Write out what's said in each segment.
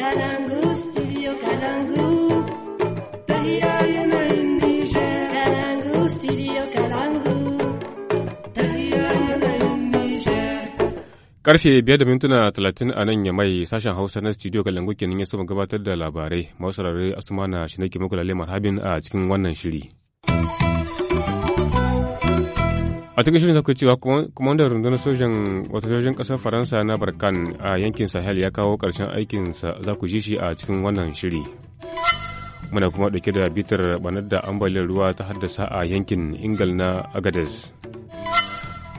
Kalangu, studio Kalangu. Tahira yanayin Nijar. Kalangu, studio Kalangu. Tahira yanayin Nijar. Karfe biyar da mintuna talatin a nan ya mai sashen Hausa na studio Kalangu kenan ya saba gabatar da labarai. Masu rarrai Asumana Shinaki Makulale Marhabin a cikin wannan shiri. a cikin shirin zaku cewa kwamandar rundunar sojan wata sojan kasar faransa na barkan a yankin sahel ya kawo ƙarshen aikinsa za ku ji shi a cikin wannan shiri muna kuma ɗauke da bitar banar da ambaliyar ruwa ta haddasa a yankin ingal na agades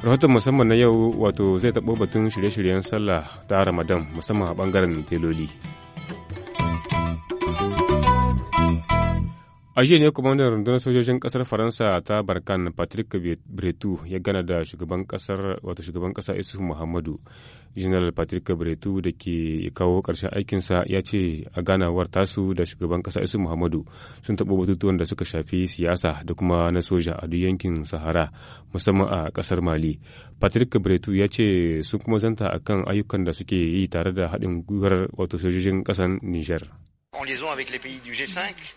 rahoton musamman na yau wato zai taɓo batun shirye-shiryen sallah ta ramadan musamman a ɓangaren teloli. A jiya ne kwamandan rundunar sojojin kasar Faransa ta Barkan Patrick Bretou ya gana da shugaban kasar wato shugaban kasa isu Muhammadu. General Patrick Bretou da ke kawo ƙarshen aikinsa ya ce a ganawar tasu da shugaban kasa isu Muhammadu sun taɓo batutuwan da suka shafi siyasa da kuma na soja a duk yankin Sahara musamman a kasar Mali. Patrick Bretou ya ce sun kuma zanta akan ayyukan da suke yi tare da haɗin gwiwar wato sojojin ƙasar Nijar.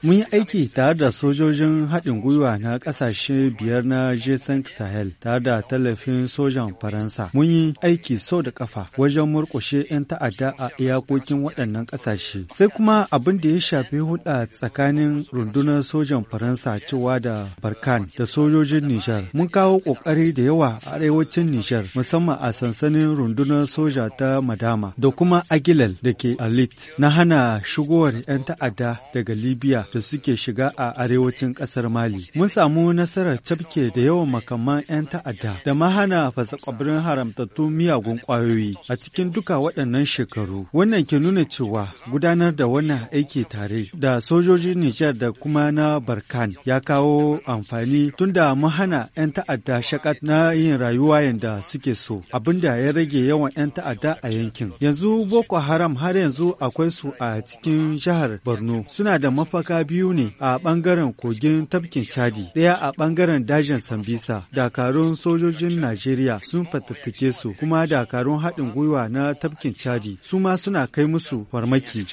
Mun yi aiki tare da sojojin haɗin gwiwa na ƙasashe biyar na G5 Sahel tare da tallafin sojan Faransa. Mun yi aiki sau da ƙafa wajen murƙushe 'yan ta'adda a iyakokin waɗannan ƙasashe. Sai kuma abin da ya shafi hulɗa tsakanin rundunar sojan Faransa cewa da Barkan da sojojin Nijar. Mun kawo ƙoƙari da yawa a arewacin Nijar musamman a sansanin rundunar soja ta Madama da kuma Agilal da ke Alit na hana shigowar 'yan ta'adda daga Libya da suke shiga a arewacin ƙasar Mali. Mun samu nasarar cafke da yawan makaman 'yan ta'adda da ma hana fasakwabirin haramtattun miyagun ƙwayoyi a cikin duka waɗannan shekaru. Wannan ke nuna cewa gudanar da wannan aiki tare da sojojin Nijar da kuma na Barkan ya kawo amfani tunda mun hana 'yan ta'adda shakat na yin rayuwa yadda suke so abinda ya rage yawan 'yan ta'adda a yankin. Yanzu Boko Haram har yanzu akwai su a cikin jihar jihar Borno suna da mafaka biyu ne a bangaren kogin tafkin Chadi, daya a bangaren dajin Sambisa. Dakarun sojojin Najeriya sun fatattake su kuma dakarun haɗin gwiwa na tafkin Chadi su ma suna kai musu farmaki.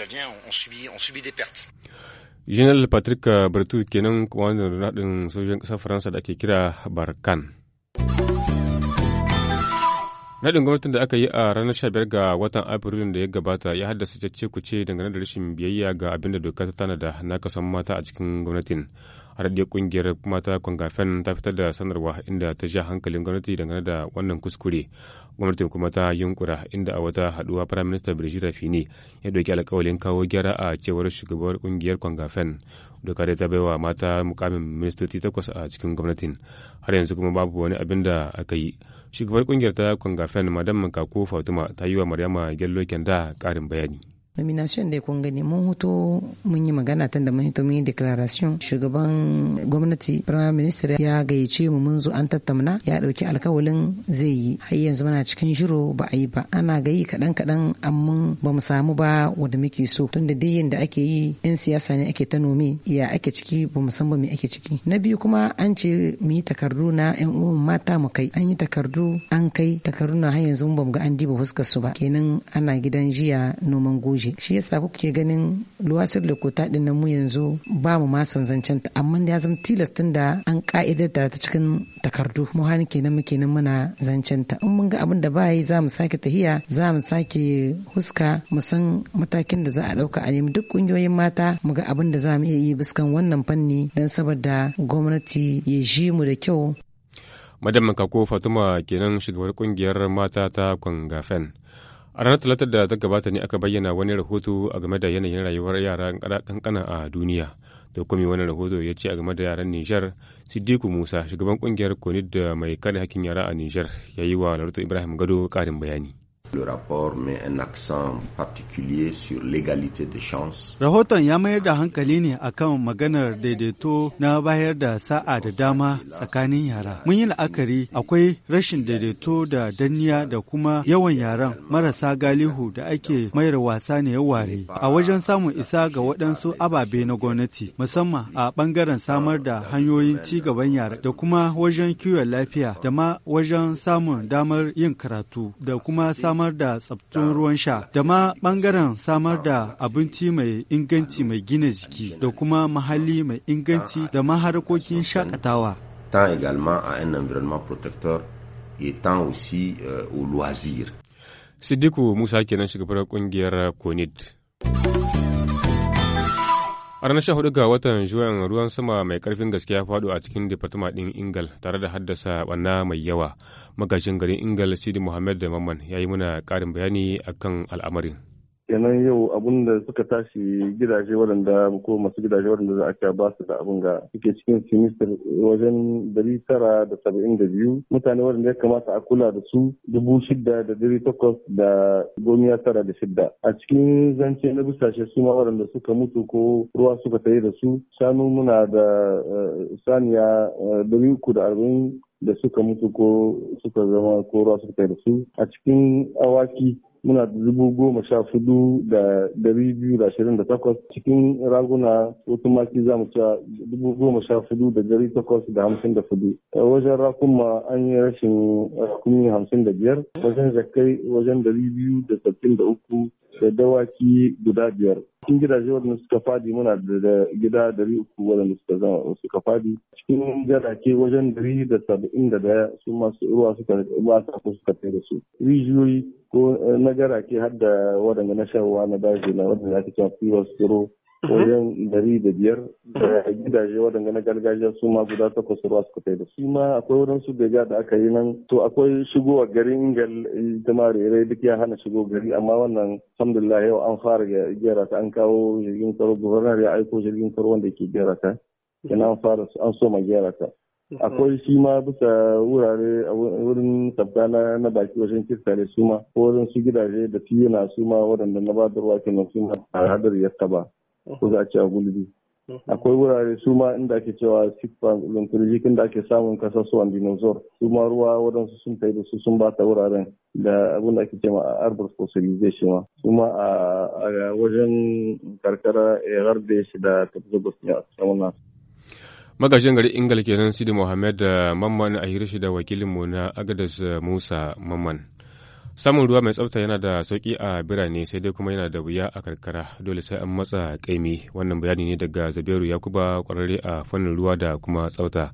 General Patrick Bertu kenan kwanan haɗin sojojin ƙasar Faransa da ake kira Barkan. Naɗin gwamnatin da aka yi a ranar 15 ga watan Afrilun da ya gabata ya haddasa cece kuce dangane da rashin biyayya ga abin da doka ta tanada na kasan mata a cikin gwamnatin. radiyar kungiyar mata Kwangafen ta fitar da sanarwa inda ta sha hankalin gwamnati dangane da wannan kuskure. Gwamnatin kuma ta yunkura inda a wata haɗuwa Firayim Minista Birjita Fini ya doki alƙawarin kawo gyara a cewar shugabar kungiyar Kwangafen. Doka da ta baiwa mata mukamin ministoci takwas a cikin gwamnatin. Har yanzu kuma babu wani abin da aka yi. shugabar kungiyar ta kwangafen madam ko fatuma ta yi wa maryama gello kenda karin bayani nomination da kun gani mun huto mun yi magana tun da mun hito mun yi declaration shugaban gwamnati prime minister ya gayyace mu mun zo an tattauna ya dauki alkawalin zai yi har yanzu muna cikin shiro ba a yi ba ana gayi kaɗan kaɗan amma ba mu samu ba wanda muke so tun da yadda da ake yi yan siyasa ne ake ta nome ya ake ciki ba mu san ba me ake ciki na biyu kuma an ce mu yi takardu na yan uwan mata mu kai an yi takardu an kai takardu na har yanzu ba mu ga an diba fuskar su ba kenan ana gidan jiya noman goji waje shi yasa kuke ganin luwasir lokota din nan mu yanzu ba mu ma son zancen ta amma ya zama tilastin da an ka'idar da ta cikin takardu mu hani kenan muke nan muna zancen ta in mun ga abin da ba yi za mu sake tahiya za mu sake huska mu san matakin da za a dauka a nemi duk kungiyoyin mata mu ga abin da za mu iya yi biskan wannan fanni don saboda gwamnati ya ji mu da kyau madam kako fatuma kenan shugabar kungiyar mata ta kwangafen A ranar talatar da ta gabata ne aka bayyana wani rahoto a game da yanayin rayuwar yara kankana a duniya. Da kuma wani rahoto ya ce a game da yaran Nijar, Siddiku Musa, shugaban kungiyar Konid da mai kare hakkin yara a Nijar, ya yi wa Larutu Ibrahim Gado karin bayani. Le rapport met un accent particulier sur l'égalité des chances. Rahoton ya mayar da hankali ne akan maganar daidaito na bayar da sa'a da dama tsakanin yara. Mun yi la'akari akwai rashin daidaito da danniya da kuma yawan yaran marasa galihu da ake mayar wasa ne ya ware. A wajen samun isa ga waɗansu ababe na gwamnati musamman a ɓangaren samar da hanyoyin ci gaban yara da kuma wajen kiwon lafiya da ma wajen samun damar yin karatu da kuma samar samar da tsabtun ruwan sha da ma bangaren samar da abinci mai inganci mai gina jiki da kuma mahalli mai inganci da ma harkokin shakatawa. Tant également a yan environnement protecteur et tant aussi euh, au loisir. Sidiku Musa kenan shugabar kungiyar CONID. A ranar 14 ga watan Juyan ruwan sama mai karfin gaske ya faɗo a cikin departama ɗin Ingal tare da haddasa ɓanna mai yawa. Magajin garin Ingal Sidi Muhammad da Mamman ya yi muna ƙarin bayani akan al'amarin. kenan yau abun da suka tashi gidaje waɗanda ko masu gidaje waɗanda za a ce ba su da abun ga suke cikin sinistar wajen dari tara da saba'in da biyu mutane waɗanda ya kamata a kula da su dubu shida da dari takwas da gomiya tara da shida a cikin zance na bisashe su ma waɗanda suka mutu ko ruwa suka tare da su shanu muna da eh, saniya dari eh, uku da arba'in da suka mutu ko suka zama ko ruwa suka tare da su a cikin awaki muna da dubu goma sha hudu da dari biyu da ashirin da takwas cikin raguna ko tumaki za mu sha dubu goma sha hudu da dari takwas da hamsin da hudu wajen rakuma an yi rashin rakumi hamsin da biyar wajen zakai wajen dari biyu da sattin da uku da dawaki guda biyar cikin gidaje wadanda suka fadi muna da gida dari uku wadanda suka zama suka fadi cikin jarake wajen dari da saba'in da daya su masu ruwa suka ruwa ko suka tsaye da su rijiyoyi ko eh, na jarake har da wadanda na ruwa na daji na wadanda ake cewa fiwas tsiro wajen mm-hmm. dari da biyar da mm-hmm. gidaje waɗanda na gargajiya su ma guda takwas ruwa suka kai da su ma akwai waɗansu gaja da aka yi nan to akwai shigowa gari ingal ta marere duk ya hana shigo gari amma wannan alhamdulillah yau an fara gyara ta an kawo jirgin tsaro gwamnati ya aiko jirgin tsaro wanda ke gyara ta kenan mm-hmm. an fara an soma gyara ta akwai shi ma bisa wurare a wurin sabta na baki wajen kirtare su ma ko wajen su gidaje da tiyuna su ma waɗanda na ba da ruwa kenan su ma a hadar ya taba ko za a ce a gulbi mhm. akwai wurare su ma inda ake cewa sikpan lantarki da ake samun kasasuwan dinosaur su ma ruwa waɗansu sun kai da su sun bata wuraren da abin da ake cewa arbor fossilization ma su ma a wajen karkara eh, harbe shi da tabbas ne a cikin wannan magajin gari ingal kenan sidi mohammed eh, mamman a shi da wakilinmu na agadas eh, musa mamman Samun ruwa mai tsafta yana da sauƙi a birane sai dai kuma yana da wuya a karkara dole sai an matsa ƙaimi wannan bayani ne daga Zabiru Yakuba kwararre a fannin ruwa da kuma tsafta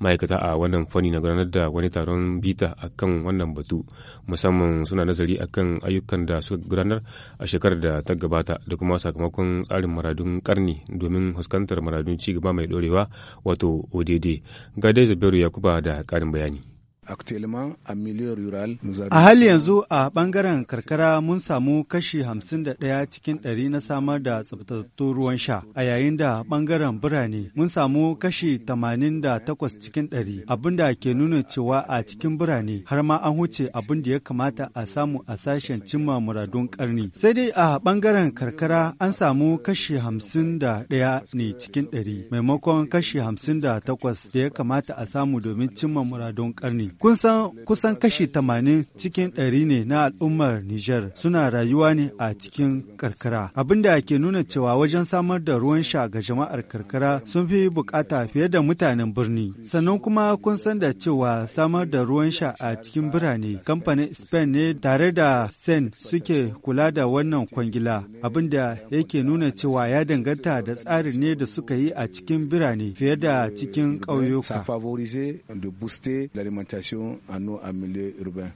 ma'aikata a wannan fanni na gudanar da wani taron bita akan wannan batu musamman suna nazari akan ayyukan da suka gudanar a shekarar da ta gabata da kuma sakamakon tsarin maradun karni domin fuskantar maradun ci gaba mai dorewa wato ODD ga dai ya Yakuba da ƙarin bayani. A hali yanzu a ɓangaren karkara mun samu kashi 51 cikin 100 na samar da tsabtattun ruwan sha, a yayin da bangaren birane mun samu kashi 88 cikin 100 abinda ke nuna cewa a cikin birane har ma an huce abin da ya kamata a samu a sashen cimma muradun karni. Sai dai a bangaren karkara an samu kashi 51 ne cikin 100 maimakon kashi 58 da ya kamata a samu domin cimma muradun ƙarni. Kun san kusan kashi tamanin cikin ɗari ne na al'ummar Nijar suna rayuwa ne a cikin karkara. Abin da ke nuna cewa wajen samar da ruwan sha ga jama'ar karkara sun fi bukata fiye da mutanen birni. Sannan kuma kun san da cewa samar da ruwan sha a cikin birane kamfanin Spain ne tare da Sen suke kula da wannan kwangila. Abin da yake nuna cewa ya danganta da tsarin ne da suka yi a cikin birane fiye da cikin ƙauyuka. formation hannu a mili urbain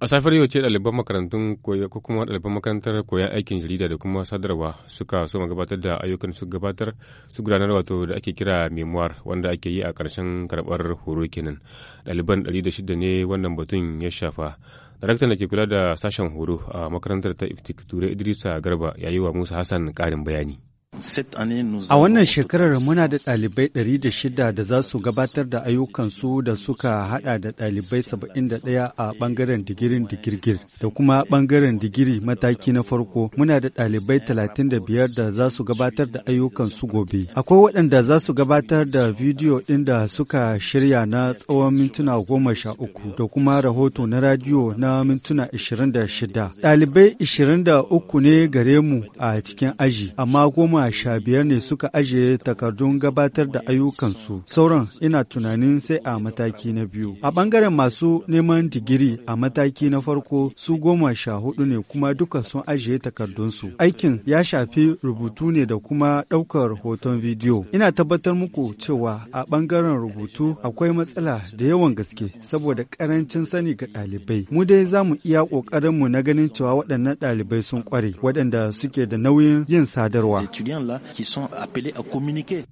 a safar yau ce ɗaliban makarantun koya ko kuma ɗaliban makarantar koya aikin jarida da kuma sadarwa suka so gabatar da ayyukan su gabatar su gudanar wato da ake kira memoir wanda ake yi a ƙarshen karɓar horo kenan ɗaliban ɗari da shida ne wannan batun ya shafa daraktan da ke kula da sashen horo a makarantar ta iftik ture idrisa garba ya yi wa musa hassan ƙarin bayani A wannan shekarar muna da ɗalibai ɗari da za su gabatar da ayyukansu da suka haɗa da ɗalibai 71 a ɓangaren digirin digirgir da kuma ɓangaren digiri mataki na farko muna da ɗalibai 35 da za su gabatar da ayyukansu gobe. Akwai waɗanda za su gabatar da bidiyo inda suka shirya na tsawon mintuna goma sha uku da kuma rahoto na radiyo na mintuna 26. Ɗalibai 23 ne gare mu a cikin aji amma goma sha biyar ne suka ajiye takardun gabatar da ayyukansu sauran ina tunanin sai a mataki na biyu a ɓangaren masu neman digiri a mataki na farko su goma sha hudu ne kuma duka sun ajiye takardunsu aikin ya shafi rubutu ne da kuma ɗaukar hoton bidiyo ina tabbatar muku cewa a ɓangaren rubutu akwai matsala da yawan gaske saboda karancin sani ga ɗalibai mu dai za mu iya mu na ganin cewa waɗannan ɗalibai sun ƙware waɗanda suke da nauyin yin sadarwa étudiants-là qui sont appelés à communiquer.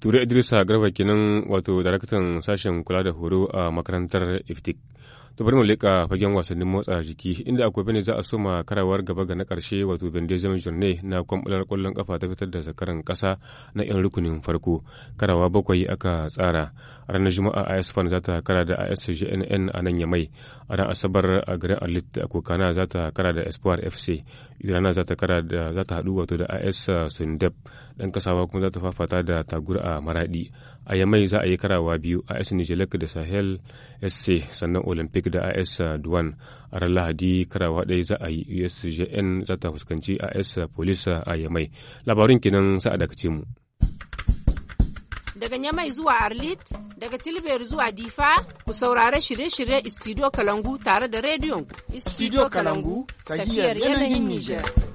Ture Idrissa Garba kenan wato daraktan sashen kula da horo a makarantar Iftik. to bari mu leƙa fagen wasannin motsa jiki inda akwai bane za a soma karawar gaba ga na ƙarshe wato bendezem journey na kwamfular kwallon kafa ta fitar da zakaran ƙasa na 'yan rukunin farko karawa bakwai aka tsara a ranar juma'a a isfan za ta kara da isjnn a nan yamai a ran asabar a garin alit a kokana za ta kara da espoir fc irana za ta kara da za ta haɗu wato da as sundep ɗan kasawa kuma za ta fafata da tagur a maraɗi. a yamai za a yi karawa biyu as nijelek da sahel sc sannan olympic da as duwan a ran lahadi karawa ɗaya za a yi usjn za ta fuskanci as polisa a yamai labarin kenan sa'a daga ce mu daga Nyamai zuwa Arlit, daga Tilber zuwa Difa, ku saurare shirye-shirye studio Kalangu tare da rediyon studio Kalangu, tafiyar yanayin Nijar.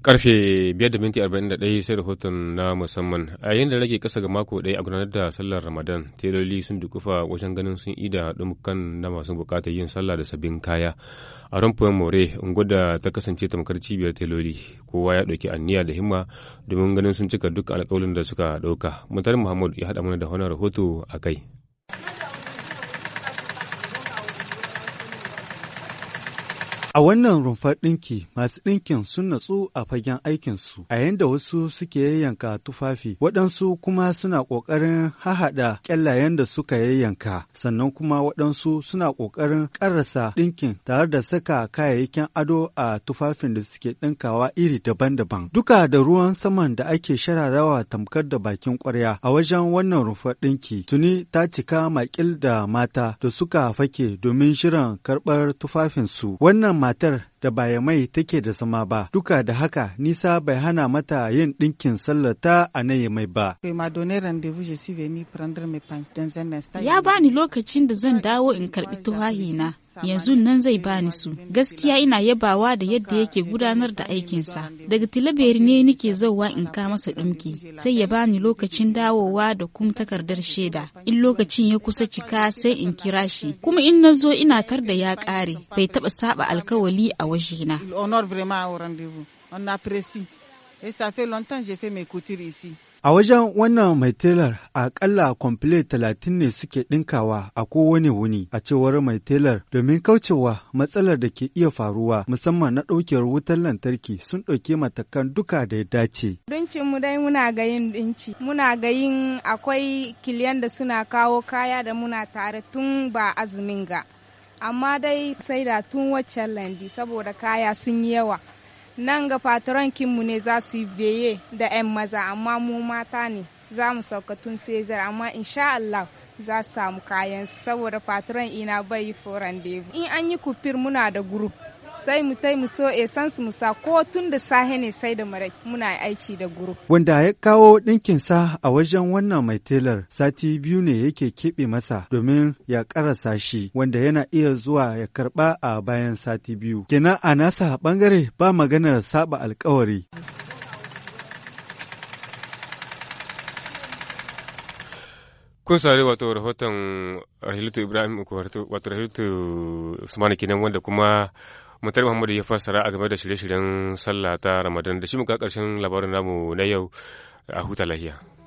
Karfe 5.41 sai rahoton na musamman a yayin da rage kasa ga mako ɗaya a gudanar da sallar Ramadan, teloli sun dukufa wajen ganin sun ida dumukan na masu bukatar yin sallah da sabbin kaya. A rumfuwar More, da ta kasance tamkar cibiyar teloli, kowa ya ɗauki anniya da himma domin ganin sun cika duk alƙawarin da suka ɗauka. mutane Muhammad ya haɗa mana da wannan rahoto a kai. A wannan rumfar ɗinki masu ɗinkin sun natsu a fagen aikinsu, a yadda wasu suke yayyanka tufafi, waɗansu kuma suna ƙoƙarin hahaɗa ƙyallayen da suka yayyanka, sannan kuma waɗansu suna ƙoƙarin ƙarasa ɗinkin tare da saka kayayyakin ado a tufafin da suke ɗinkawa iri daban-daban. Duka da ruwan saman da ake shararawa tamkar da bakin ƙwarya a wajen wannan rumfar ɗinki, tuni ta cika makil da mata da suka fake domin shirin karɓar tufafinsu. Wannan matar da baya mai take da zama ba. Duka da haka nisa bai hana mata yin ɗinkin sallata a na mai ba. Ya bani lokacin da zan dawo in karɓi tuhahina. yanzu nan zai bani su gaskiya ina yabawa da yadda yake gudanar da aikinsa daga tilaberi ne nake zauwa in ka masa ɗumki sai ya bani lokacin dawowa da kuma takardar shaida in lokacin ya kusa cika sai in kira shi kuma in na zo ina tar da ya ƙare bai taɓa saba alkawali a wajina. A wajen wannan mai telar akalla kwamfile talatin ne suke ɗinkawa a kowane wuni a cewar mai telar domin kaucewa matsalar da ke iya faruwa musamman na ɗaukewar wutar lantarki sun ɗauki matakan duka da ya dace. Dunkin mu dai muna ga yin dunci. Muna ga yin akwai kiliyan da suna kawo kaya da muna tare tun ba azumin ga. amma dai sai da tun waccan landi saboda kaya sun yi yawa nan ga patron kinmu ne za su yi beye da 'yan maza amma mu mata ne za mu sauka tun sezar amma insha Allah za su samu kayan saboda patron ina bai yi foran in an yi kufir muna da gurup sai mu tai mu so essence su musa ko tun da sahe ne sai da mara muna aiki da guru. Wanda ya kawo ɗinkin sa a wajen wannan mai telar sati biyu ne yake keɓe masa domin ya karasa shi wanda yana iya zuwa ya karɓa a bayan sati biyu. Kina a nasa ɓangare ba maganar saba alkawari. kun sare wato rahoton rahilatu ibrahim wato rahilatu usmani kenan wanda kuma Mutar Muhammadu ya fassara a game da shirye-shiryen sallah ta Ramadan da shi muka karshen labarin namu na yau a huta lahiya.